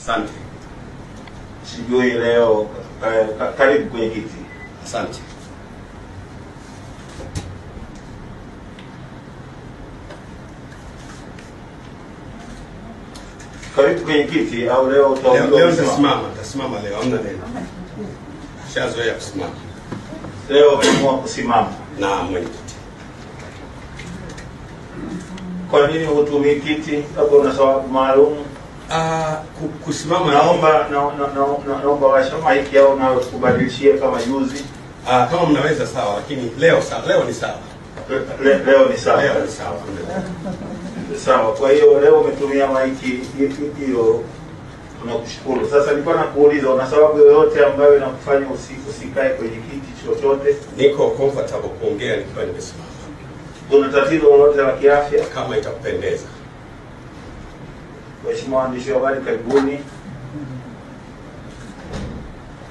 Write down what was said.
Asante. Sijui leo eh, karibu kwenye kiti. Asante. Karibu kwenye kiti au leo utaondoka? Leo nitasimama, nitasimama leo, hamna neno. Shazoea kusimama. Leo umeamua kusimama. Naam, mwenyekiti. Kwa nini hutumii kiti? Labda una sababu maalum? Uh, kusimama naomba naomba washa maiki yao na kubadilishia kama juzi. Uh, kama mnaweza sawa, lakini leo sawa, leo ni sawa. Le, leo ni sawa. Leo ni sawa. Sawa. Kwa hiyo leo umetumia maiki hiyo tunakushukuru. Sasa nilikuwa nakuuliza una sababu yoyote ambayo inakufanya usiku usikae kwenye kiti chochote? Niko comfortable kuongea nikiwa nimesimama. kuna tatizo lolote la kiafya? Kama itakupendeza. Waheshimiwa waandishi wa habari, karibuni.